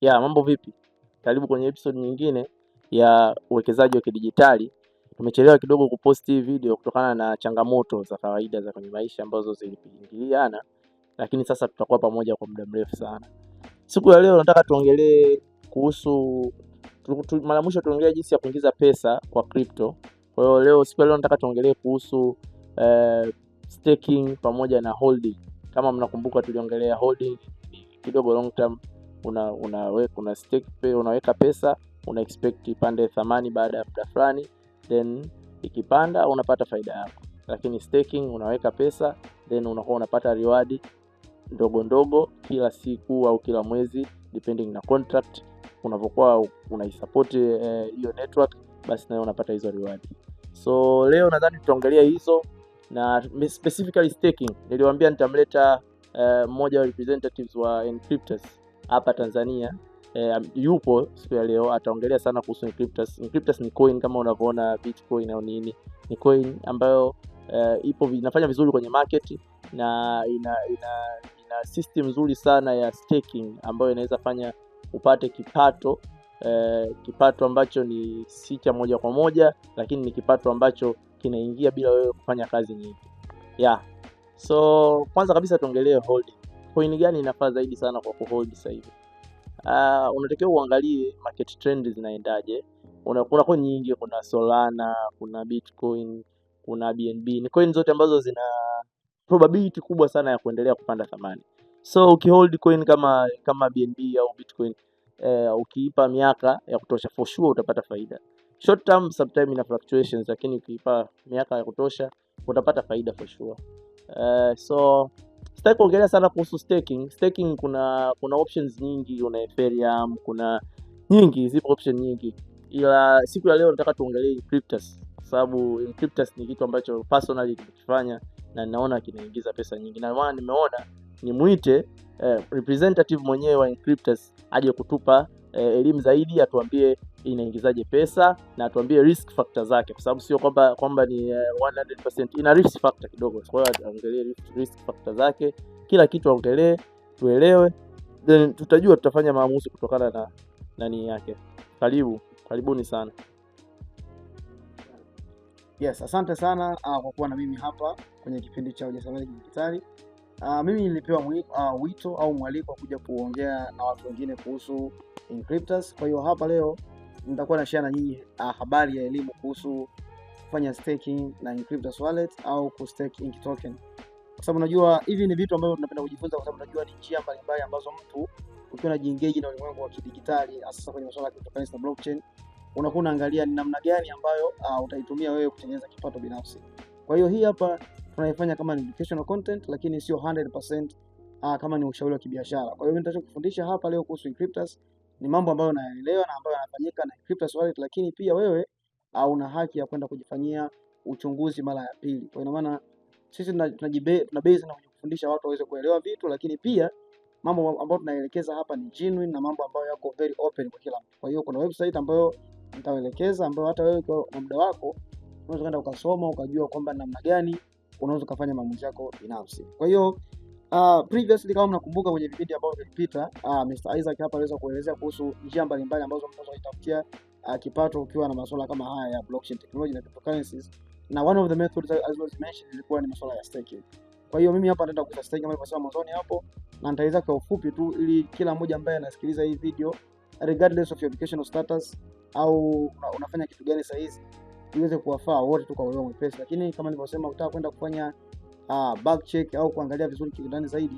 Ya, mambo vipi? Karibu kwenye episode nyingine ya uwekezaji wa kidijitali. Tumechelewa kidogo kupost hii video kutokana na changamoto za kawaida za kwenye maisha ambazo zilipingiliana lakini sasa tutakuwa pamoja kwa muda mrefu sana. Siku ya leo nataka tuongelee kuhusu mara mwisho tuongelee jinsi ya kuingiza pesa kwa crypto. Kwa hiyo leo, siku ya leo nataka tuongelee kuhusu eh, staking pamoja na holding. Kama mnakumbuka tuliongelea holding kidogo long term una, una, una stake, unaweka pesa una expect ipande thamani baada ya muda fulani, then ikipanda unapata faida yako. Lakini staking unaweka pesa then unakuwa unapata riwadi ndogo ndogo kila siku au kila mwezi depending na contract unavyokuwa unaisupport eh, hiyo eh, network, basi nayo unapata hizo riwadi So leo nadhani tutaangalia hizo na specifically staking. Niliwaambia nitamleta eh, mmoja eh, wa representatives wa Encryptors hapa Tanzania e, yupo siku ya leo, ataongelea sana kuhusu Encryptus. Encryptus ni coin kama unavyoona Bitcoin au nini, ni coin ambayo e, ipo inafanya vizuri kwenye market na ina, ina, ina system nzuri sana ya staking ambayo inaweza fanya upate kipato e, kipato ambacho ni si cha moja kwa moja, lakini ni kipato ambacho kinaingia bila wewe kufanya kazi nyingi yeah. So kwanza kabisa tuongelee holding coin gani inafaa zaidi sana kwa kuhold sasa hivi? Uh, unatakiwa uangalie market trend zinaendaje. Una, kuna coin nyingi, kuna Solana, kuna Bitcoin, kuna BNB. Ni coin zote ambazo zina probability kubwa sana ya kuendelea kupanda thamani. So ukihold coin kama kama BNB au Bitcoin eh, ukiipa miaka ya kutosha for sure utapata faida. Short term sometimes ina fluctuations, lakini ukiipa miaka ya kutosha utapata faida for sure. uh, so Sitaki kuongelea sana kuhusu staking. Staking kuna kuna options nyingi, una Ethereum, kuna nyingi, zipo option nyingi, ila siku ya leo nataka tuongelee Inkryptus sababu Inkryptus ni kitu ambacho personally nimekifanya na ninaona kinaingiza pesa nyingi, na maana nimeona nimwite eh, representative mwenyewe wa Inkryptus aje kutupa Eh, elimu zaidi, atuambie inaingizaje pesa na atuambie risk factor zake, kwa sababu sio kwamba kwamba ni 100% eh, ina risk factor kidogo. Kwa hiyo aongelee risk factor zake, kila kitu aongelee, tuelewe, then tutajua tutafanya maamuzi kutokana na nani yake. Karibu, karibuni sana. Yes, asante sana ah, kwa kuwa na mimi hapa kwenye kipindi cha ujasiriamali kidijitali. Uh, mimi nilipewa uh, wito au mwaliko wa kuja kuongea na watu wengine kuhusu Inkryptus. Kwa hiyo hapa leo nitakuwa na share na nyinyi uh, habari ya elimu kuhusu kufanya staking na Inkryptus wallet au ku stake Ink token. Kwa sababu najua hivi ni vitu ambavyo tunapenda kujifunza, kwa sababu najua ni njia mbalimbali ambazo mtu ukiwa unajiengage na ulimwengu wa kidijitali, hasa kwenye masuala ya cryptocurrency na blockchain, unakuwa unaangalia ni namna gani ambayo uh, utaitumia wewe kutengeneza kipato binafsi. Kwa hiyo hii hapa tunaifanya kama ni educational content, lakini sio 100% uh, ah, kama ni ushauri wa kibiashara. Kwa hiyo mimi nitakachokufundisha hapa leo kuhusu Inkryptus ni mambo ambayo naelewa na ambayo yanafanyika na Inkryptus wallet, lakini pia wewe uh, una haki ya kwenda kujifanyia uchunguzi mara ya pili. Kwa ina maana sisi tuna base na kujifundisha watu waweze kuelewa vitu, lakini pia mambo ambayo tunaelekeza hapa ni genuine na mambo ambayo yako very open kwa kila mtu. Kwa hiyo kuna website ambayo nitaelekeza ambayo hata wewe kwa muda wako unaweza kwenda ukasoma ukajua kwamba namna gani unaweza ukafanya maamuzi yako binafsi. Kwa hiyo Uh, previously kama mnakumbuka kwenye vipindi ambavyo vilipita, uh, Mr. Isaac hapa aliweza kuelezea kuhusu njia mbalimbali ambazo mnaweza kujitafutia uh, kipato ukiwa na masuala kama haya ya blockchain technology na cryptocurrencies, na one of the methods as well mentioned ilikuwa ni masuala ya staking. Kwa hiyo mimi hapa nitaenda kugusa staking kama nilivyosema mwanzoni hapo, na nitaeleza kwa ufupi tu ili kila mmoja ambaye anasikiliza hii video regardless of your educational status au una, unafanya kitu gani saa hizi iweze kuwafaa wote tu kwa walio mwepesi, lakini kama nilivyosema, utaka kwenda kufanya uh, bug check au kuangalia vizuri kiundani zaidi,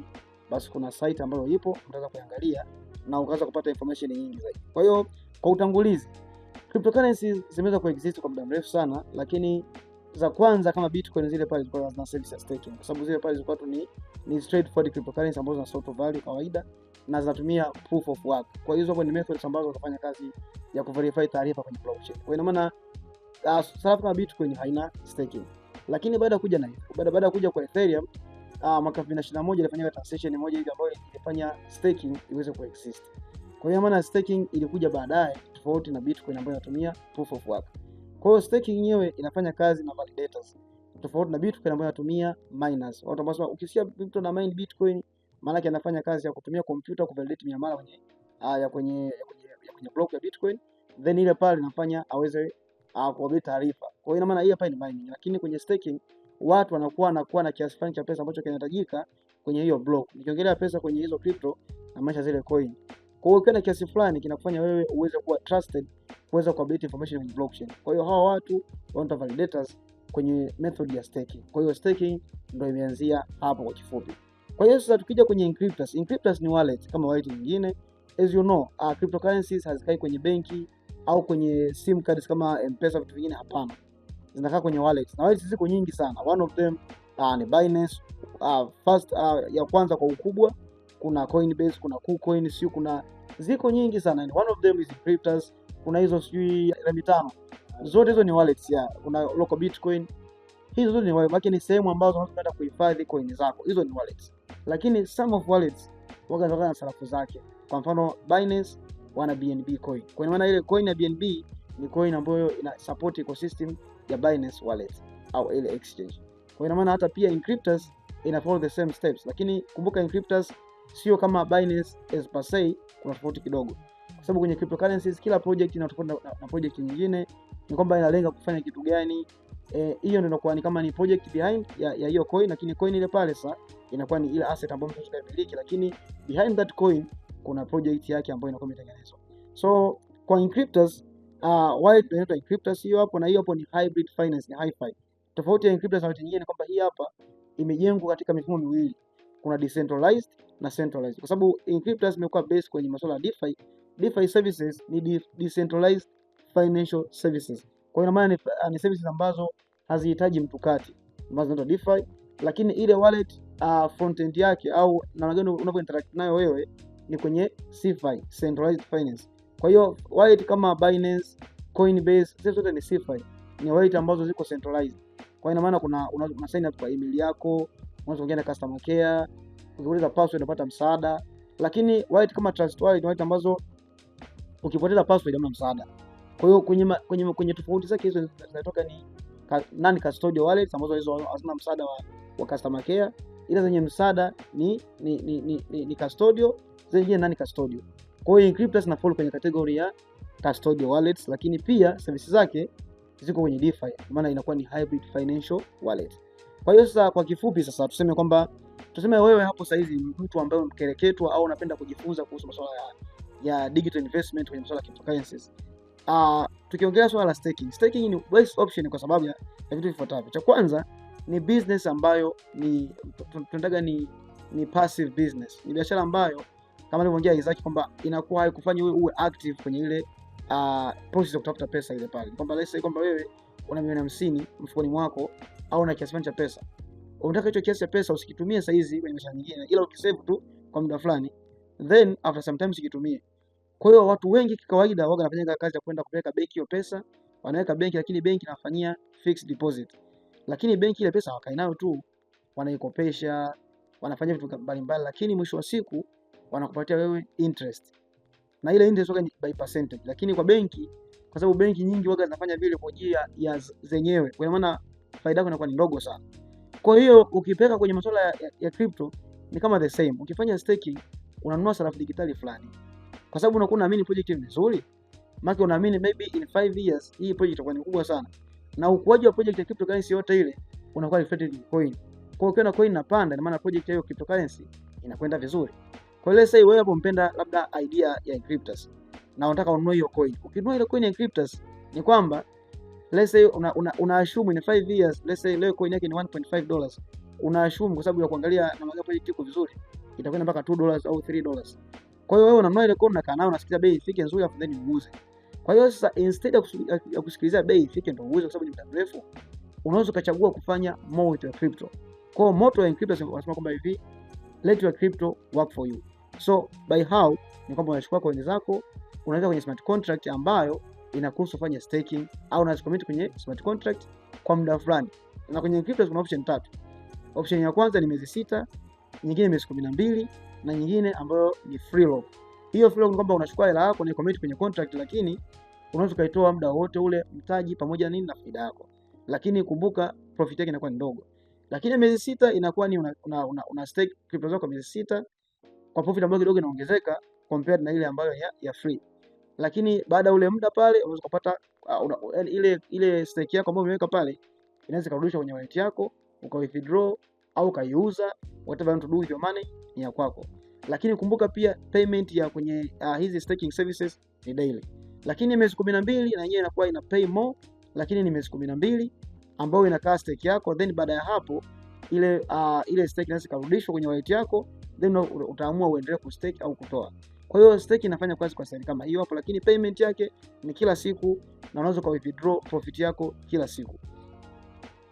basi kuna site ambayo ipo, utaweza kuangalia na ukaweza kupata information nyingi zaidi. Kwa hiyo kwa utangulizi, cryptocurrency zimeweza kuexist kwa muda mrefu sana, lakini za kwanza kama Bitcoin zile pale zilikuwa zina service ya staking, kwa sababu zile pale zilikuwa tu ni, ni straightforward cryptocurrency ambazo zina sort of value kawaida na zinatumia proof of work. Kwa hiyo hapo ni methods ambazo zinafanya kazi ya kuverify taarifa kwenye blockchain. Kwa ina maana uh, ah, sarafu kama Bitcoin haina staking. Lakini baada ya kuja na baada baada ya kuja kwa Ethereum uh, mwaka 2021 ilifanyika transaction moja hivi ambayo ilifanya staking iweze exist. Kwa hiyo maana staking ilikuja baadaye tofauti na Bitcoin ambayo inatumia proof of work. Kwa hiyo staking yenyewe inafanya kazi na validators tofauti na Bitcoin ambayo inatumia miners. Watu wanasema ukisikia mtu ana mine Bitcoin maana yake anafanya kazi ya kutumia kompyuta ku validate miamala ah, kwenye ya kwenye ya kwenye block ya Bitcoin then ile pale inafanya aweze akuombe taarifa. Kwa hiyo ina maana hii hapa ni mining, lakini kwenye staking watu wanakuwa wanakuwa na kiasi fulani cha pesa ambacho kinahitajika kwenye hiyo block. Nikiongelea pesa kwenye hizo crypto na maisha zile coin. Kwa hiyo ukiwa na kiasi fulani kinakufanya wewe uweze kuwa trusted kuweza kuability information kwenye blockchain. Kwa hiyo hawa watu wanaitwa validators kwenye method ya staking. Kwa hiyo staking ndio imeanzia hapo kwa kifupi. Kwa hiyo sasa tukija kwenye encryptors. Encryptors ni wallet kama wallet nyingine. As you know, uh, cryptocurrencies hazikai kwenye benki au kwenye sim cards kama Mpesa, vitu vingine hapana, zinakaa kwenye wallet na wallet ziko nyingi sana. One of them uh, ni Binance uh, first uh, ya kwanza kwa ukubwa, kuna Coinbase, kuna KuCoin, sio kuna ziko nyingi sana and one of them is Cryptos. Kuna hizo sijui Remi tano, zote hizo ni wallets ya kuna local Bitcoin, hizo zote ni wallets, lakini sehemu ambazo unaweza kwenda kuhifadhi coin zako, hizo ni wallets, lakini some of wallets waga na sarafu zake, kwa mfano Binance wana BNB coin. Kwa maana ile coin ya BNB ni coin ambayo ina support ecosystem ya Binance wallet au ile exchange. Kwa maana hata pia Inkryptus ina follow the same steps, lakini kumbuka Inkryptus sio kama Binance as per se, kuna tofauti kidogo, kwa sababu kwenye cryptocurrencies kila project ina tofauti na project nyingine, ni kwamba inalenga kufanya kitu gani. Eh, hiyo ndio inakuwa ni kama ni project behind ya ya hiyo coin, lakini coin ile pale sasa inakuwa ni ile asset ambayo mtu anamiliki, lakini behind that coin kuna project yake ambayo inakuwa imetengenezwa. So kwa encryptors uh, wale tunaita encryptors hiyo hapo na hiyo hapo ni hybrid finance, ni hi-fi. Tofauti ya encryptors na zote nyingine ni kwamba hii hapa imejengwa katika mifumo miwili, kuna decentralized na centralized, kwa sababu encryptors imekuwa based kwenye masuala ya DeFi. DeFi services ni de decentralized financial services, kwa hiyo maana ni, uh, ni services ambazo hazihitaji mtu kati ambazo zinaitwa DeFi, lakini ile wallet uh, front end yake au namna gani unavyo interact nayo wewe ni kwenye CeFi, Centralized Finance. Kwa hiyo wallet kama Binance, Coinbase, zile zote ni CeFi. Ni wallet ambazo ziko centralized. Kwa ina maana kuna una sign up kwa email yako, unaweza kuingia na customer care, ukiuliza password unapata msaada. Lakini wallet kama Trust Wallet, ni wallet ambazo ukipoteza password hamna msaada. Kwa hiyo kwenye kwenye kwenye tofauti zake hizo zinatoka ni non custodial wallets ambazo hizo hazina msaada wa, wa customer care ila zenye msaada ni, ni, ni, ni, ni, ni custodial zinaingia nani Custodio. Kwa hiyo Inkryptus na fall kwenye category ya Custodio wallets, lakini pia services zake ziko kwenye DeFi, kwa maana inakuwa ni hybrid financial wallet. Kwa hiyo sasa, kwa kifupi, sasa tuseme kwamba tuseme wewe hapo sasa hivi mtu ambaye umekereketwa au unapenda kujifunza kuhusu masuala ya, ya digital investment kwenye masuala ya cryptocurrencies. Uh, ah, tukiongelea swala la staking. Staking ni best option kwa sababu ya vitu vifuatavyo. Cha kwanza ni business ambayo ni tunataka ni ni passive business, ni biashara ambayo kama nilivyoongea Isaac kwamba inakuwa haikufanya wewe uwe active kwenye ile uh, process ya kutafuta pesa ile pale, kwamba let's say kwamba wewe una milioni hamsini mfukoni mwako au una kiasi fulani cha pesa, unataka hicho kiasi cha pesa usikitumie saa hizi kwenye biashara nyingine, ila ukisave tu kwa muda fulani, then after some time usikitumie. Kwa hiyo watu wengi kikawaida waga wanafanya kazi ya kwenda kupeleka benki hiyo pesa, wanaweka benki, lakini benki inafanyia fixed deposit, lakini benki ile pesa hawakai nayo tu, wanaikopesha, wanafanya vitu mbalimbali, lakini mwisho wa siku wanakupatia wewe interest na ile interest wake ni by percentage, lakini kwa benki, kwa sababu benki nyingi waga zinafanya vile kwa njia ya zenyewe, kwa maana faida yako inakuwa ni ndogo sana. Kwa hiyo ukipeka kwenye masuala ya, ya, ya crypto ni kama the same. Ukifanya staking unanunua sarafu digitali fulani, kwa sababu unakuwa unaamini project ni nzuri, maana unaamini maybe in 5 years hii project itakuwa ni kubwa sana, na ukuaji wa project ya cryptocurrency yote ile unakuwa reflected in coin. Kwa hiyo ukiona coin inapanda, ina maana project hiyo cryptocurrency inakwenda vizuri. Kwa hiyo sasa wewe hapo mpenda labda idea ya Inkryptus na unataka ununue hiyo coin. Ukinunua ile coin ya Inkryptus ni kwamba let's say una, una, una assume in 5 years let's say leo coin yake ni 1.5 dollars. Una assume kwa sababu ya kuangalia na magapo hili iko vizuri itakwenda mpaka 2 dollars au 3 dollars. Kwa hiyo wewe unanunua ile coin na kana unasikia bei ifike nzuri afu then uuze. Kwa hiyo sasa instead ya kusikiliza bei ifike ndio uuze kwa sababu ni muda mrefu unaweza ukachagua kufanya moto ya crypto. Kwa hiyo moto ya crypto wanasema kwamba hivi let your crypto work for you. So by how ni kwamba unachukua coin zako unaweza kwenye smart contract ambayo inakuruhusu kufanya staking au unaweza commit kwenye smart contract kwa muda fulani. Na kwenye crypto kuna option tatu. Option ya kwanza ni miezi sita, nyingine miezi kumi na mbili na nyingine ambayo ni free lock. Hiyo free lock ni kwamba unachukua hela yako na commit kwenye contract, lakini unaweza kuitoa muda wote ule, mtaji pamoja nini na faida yako, lakini kumbuka profit yake inakuwa ndogo. Lakini miezi sita inakuwa ni una, una, una, una stake crypto zako miezi sita kwa profit ambayo kidogo inaongezeka compared na ile ambayo ya, ya free. Lakini baada ya ule muda pale unaweza kupata uh, uh, ile ile stake yako ambayo umeweka pale inaweza kurudishwa kwenye wallet yako uka withdraw au kaiuza, whatever you do with your money ni ya kwako. Lakini kumbuka pia payment ya kwenye uh, hizi staking services ni daily. Lakini miezi 12 na yenyewe inakuwa ina pay more, lakini ni miezi 12 ambayo inakaa stake yako, then baada ya hapo ile uh, ile stake inaweza kurudishwa kwenye wallet yako then utaamua uendelee kustake au kutoa. Kwa hiyo stake inafanya kazi kwa sehemu kama hiyo hapo, lakini payment yake ni kila siku na unaweza kwa withdraw profit yako kila siku.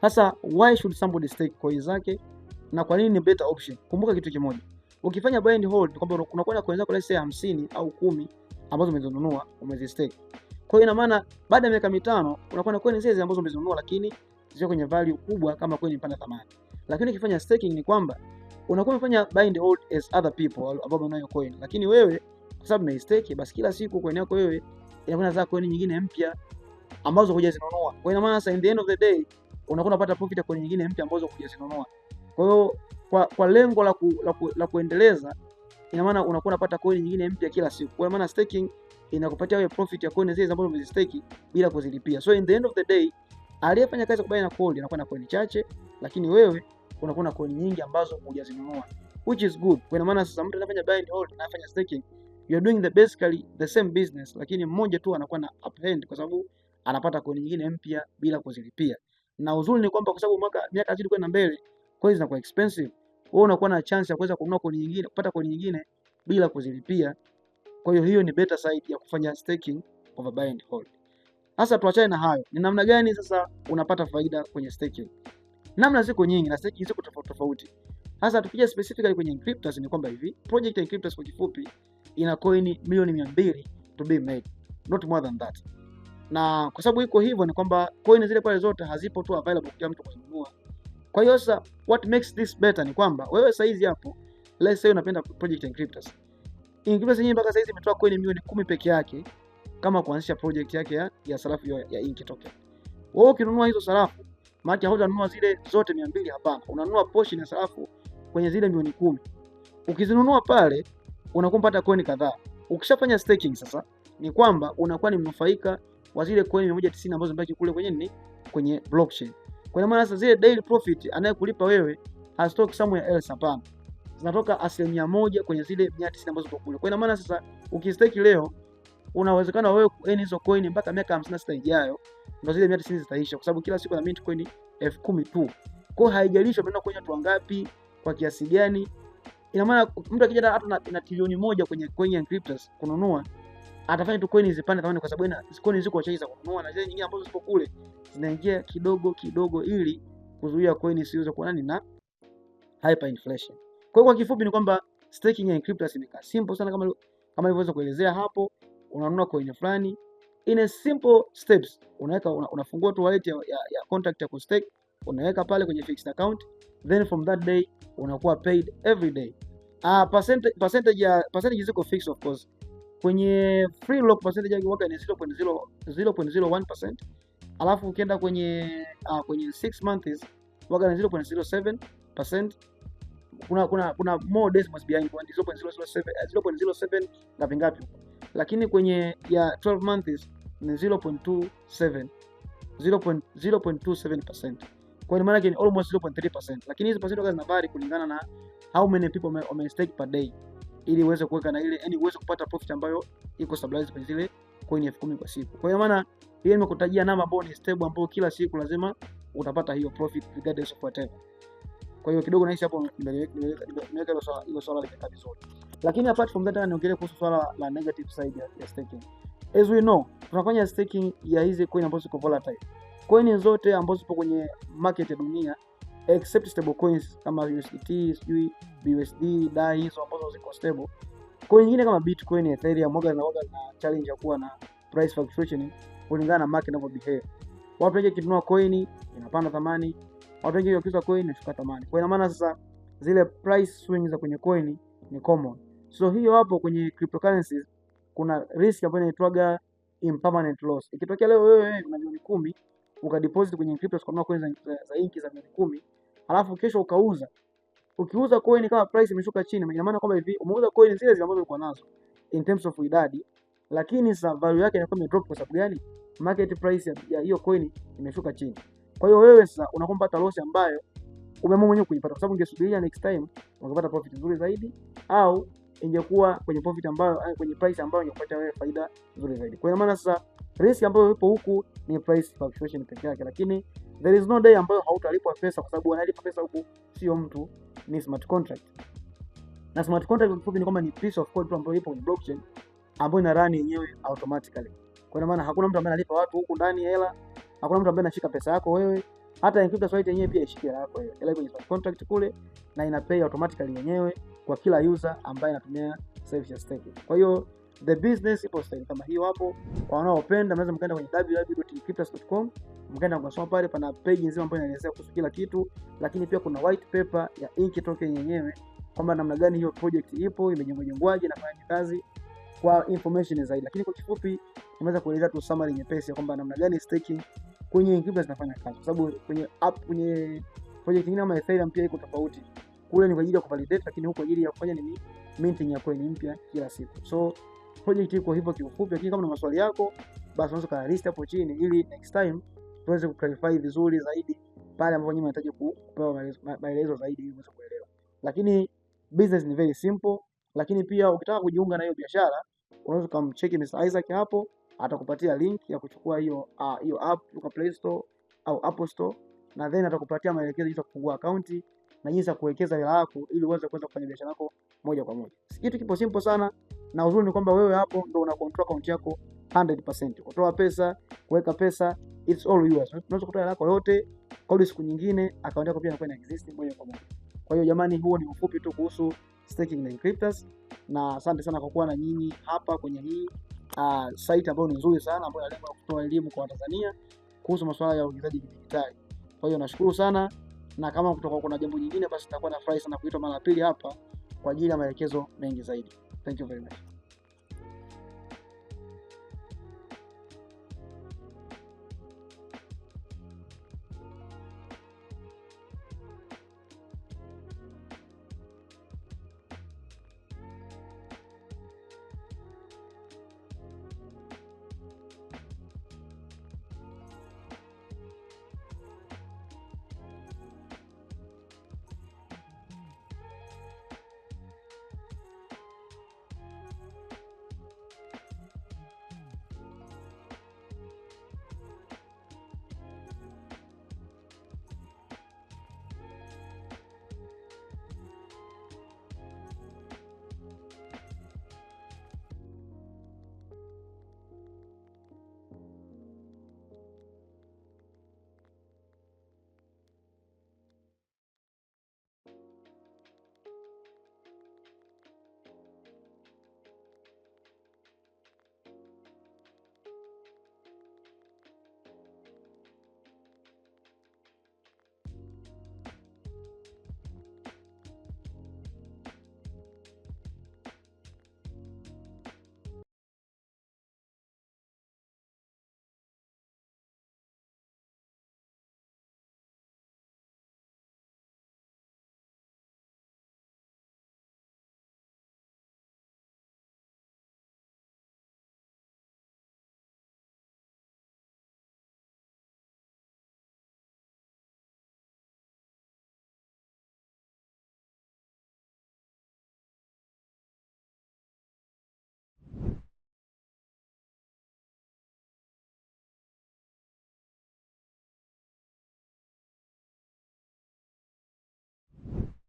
Sasa why should somebody stake coin zake na kwa nini ni better option? Kumbuka kitu kimoja. Ukifanya buy and hold kwamba unakwenda coin zako let's say 50 au kumi ambazo umezinunua umezi stake. Kwa hiyo ina maana baada ya miaka mitano unakuwa na coin zile ambazo umezinunua lakini zio kwenye value kubwa kama coin mpana thamani. Lakini ukifanya staking ni kwamba unakuwa umefanya buy and hold as other people ambao wanayo coin, lakini wewe kwa sababu umeistake, basi kila siku coin yako wewe inakwenda za coin nyingine mpya ambazo kuja hujazinunua. Kwa ina maana sasa, in the end of the day unakuwa unapata profit ya coin nyingine mpya ambazo kuja hujazinunua. Kwa hiyo kwa, kwa lengo la, ku, la, ku, la kuendeleza, ina maana unakuwa unapata coin nyingine mpya kila siku. Kwa maana staking inakupatia wewe profit ya coin zile ambazo umezistake bila kuzilipia. So in the end of the day aliyefanya kazi kubaini na coin anakuwa na coin chache, lakini wewe unakuwa na coin nyingi ambazo hujazinunua which is good. Kwa maana sasa mtu anafanya buy and hold na anafanya staking, you are doing the basically the same business, lakini mmoja tu anakuwa na upend kwa sababu anapata coin nyingine mpya bila kuzilipia. Na uzuri ni kwamba kwa sababu mwaka miaka zidi kwenda mbele, coins zinakuwa expensive, wewe unakuwa na chance ya kuweza kununua coin nyingine, kupata coin nyingine bila kuzilipia. Kwa hiyo hiyo ni better side ya kufanya staking over buy and hold. Sasa tuachane na hayo, ni namna gani sasa unapata faida kwenye staking? namna ziko nyingi na stake ziko tofauti tofauti. Sasa tukija specifically kwenye encryptors ni kwamba hivi project ya encryptors kwa kifupi ina coin milioni 200 to be made, not more than that. Na kwa sababu iko hivyo ni kwamba coin zile pale zote hazipo tu available kwa mtu kununua. Kwa hiyo sasa what makes this better ni kwamba wewe saizi hapo let's say unapenda project encryptors. Encryptors yenyewe mpaka saizi imetoa coin milioni kumi peke yake kama kuanzisha project yake ya, ya sarafu ya, ya Inki token. Wewe ukinunua hizo sarafu maana hujanunua zile zote 200 Hapana, unanunua poshi na sarafu kwenye zile milioni kumi. Ukizinunua pale unakuwa unapata coin kadhaa. Ukishafanya staking sasa, ni kwamba unakuwa ni mnufaika wa zile coin 190 ambazo zimebaki kule kwenye nini, kwenye blockchain. Kwa maana sasa zile daily profit anayekulipa wewe hazitoki somewhere else, hapana, zinatoka asilimia moja kwenye zile 190 ambazo ziko kule. Kwa maana sasa ukistake leo una uwezekano wewe kuearn hizo coin mpaka miaka 56 ijayo, ndio zile 190 zitaisha, kwa sababu kila siku na mint coin 10000 tu. Kwa hiyo haijalishi unaenda kuearn watu wangapi kwa kiasi gani. Ina maana mtu akija hata na, na trilioni moja kwenye coin ya cryptos kununua, atafanya tu coin zipande thamani, kwa sababu ina coin ziko chache za kununua na zile nyingine ambazo zipo kule zinaingia kidogo kidogo, ili kuzuia coin isiuze kwa nani na hyperinflation. Kwa hiyo kwa kifupi ni kwamba staking ya cryptos imekaa simple sana kama kama nilivyoweza kuelezea hapo unanunua coin fulani in a simple steps. Unaweka una, unafungua tu wallet ya, ya, ya contact ya kustake unaweka pale kwenye fixed account, then from that day unakuwa paid every day. Uh, ah, percentage percentage ya percentage ziko fixed of course. Kwenye free lock percentage yake waka ni 0.0 0.01%, alafu ukienda kwenye uh, kwenye 6 months waka ni 0.07%. Kuna kuna kuna more decimals behind 0.007 0.07 ngapi ngapi lakini kwenye ya 12 months ni 0.27 0.27%. Kwa maana yake ni almost 0.3%. Lakini hizi percent zina vary kulingana na how many people wame stake per day ili uweze kuweka na ile yani uweze kupata profit ambayo iko stabilized kwenye zile coin elfu kwa siku. Kwa maana hiyo nimekutajia namba ambayo ni stable ambayo kila siku lazima utapata hiyo profit regardless of whatever. Kwa hiyo kidogo naishi hapo nimeweka hilo swala limekaa vizuri. Lakini apart from that, niongelee kuhusu swala la negative side ya staking. As we know, tunafanya staking ya hizi coin ambazo ziko volatile. Coin zote ambazo zipo kwenye market ya dunia except stable coins kama USDT, sijui BUSD, DAI hizo ambazo ziko stable. Coin nyingine kama Bitcoin, Ethereum, moga na moga na challenge ya kuwa na price fluctuation kulingana na market inavyo behave. Watu wengi kinunua coin inapanda thamani, watu wengi wakiuza coin inashuka thamani. Kwa ina maana sasa zile price swings za kwenye coin ni common. So hiyo hapo kwenye cryptocurrencies kuna risk ambayo inaitwaga impermanent loss. Ikitokea leo wewe una milioni kumi ukadeposit kwenye cryptos kwa coins za inki za milioni kumi alafu kesho ukauza, ukiuza coin kama price imeshuka chini, ina maana kwamba hivi umeuza coin zile zile ambazo ulikuwa nazo in terms of idadi, lakini sasa value yake inakuwa imedrop. Kwa sababu gani? Market price ya hiyo coin imeshuka chini. Kwa hiyo wewe sasa unakuwa unapata loss ambayo umeamua mwenyewe kuipata, kwa sababu ungesubiria next time ungepata profit nzuri zaidi au ingekuwa kwenye profit ambayo eh, kwenye price ambayo ungepata wewe faida nzuri zaidi. Kwa maana sasa risk ambayo ipo huku ni price fluctuation peke yake, lakini there is no day ambayo hautalipwa pesa, kwa sababu analipa pesa huku sio mtu, ni smart contract. Na smart contract kwa kifupi ni kwamba ni piece of code tu ambayo ipo kwenye blockchain ambayo ina run yenyewe automatically. Kwa maana hakuna mtu ambaye analipa watu huku ndani hela, hakuna mtu ambaye anashika pesa yako wewe hata encrypted wallet yenyewe pia ishikie yako hiyo, Ile kwenye smart contract kule, na ina pay automatically yenyewe kwa kila user ambaye anatumia service ya staking. Kwa hiyo the business ipo staking kama hiyo hapo. Kwa wanaopenda mnaweza mkaenda kwenye www.cryptos.com mkaenda mkasoma pale, pana page nzima ambayo inaelezea kuhusu kila kitu, lakini pia kuna white paper ya Ink token yenyewe kwamba namna gani hiyo project ipo, imejengwajengwaje, inafanya kazi kwa information zaidi, lakini kwa kifupi nimeweza kueleza tu summary nyepesi kwamba namna gani staking kwenye Inc zinafanya kazi, kwa sababu kwenye app, kwenye project nyingine kama Ethereum pia iko tofauti kule ni kwa ajili ya kuvalidate, lakini huko kwa ajili ya kufanya nini, minting ya coin mpya kila siku. So project iko hivyo kiufupi, lakini kama una maswali yako, basi unaweza ka list hapo chini, ili next time tuweze ku clarify vizuri zaidi pale ambapo nyinyi mnahitaji kupewa maelezo zaidi ili uweze kuelewa. Lakini business ni very simple, lakini pia ukitaka kujiunga na hiyo biashara unaweza kumcheki Mr. Isaac hapo, atakupatia link ya kuchukua hiyo ah, hiyo uh, app kutoka Play Store au Apple Store, na then atakupatia maelekezo ya kufungua akaunti na jinsi ya kuwekeza hela yako ili uweze kuweza kufanya biashara yako moja kwa moja. Kitu kipo simple sana na uzuri ni kwamba wewe hapo ndio una control account yako 100%. Kutoa pesa, kuweka pesa, it's all yours. Unaweza kutoa hela yako yote, kodi siku nyingine account yako pia inakuwa ina exist moja kwa moja. Kwa hiyo jamani, huo ni ufupi tu kuhusu staking na cryptos na asante sana kwa kuwa na nyinyi hapa kwenye hii uh, site ambayo ni nzuri sana ambayo inalenga kutoa elimu kwa Watanzania kuhusu masuala ya uwekezaji kidijitali. Kwa hiyo nashukuru sana na kama kutoka kuna jambo jingine, basi nitakuwa nafurahi sana kuitwa mara pili hapa kwa ajili ya maelekezo mengi zaidi. Thank you very much.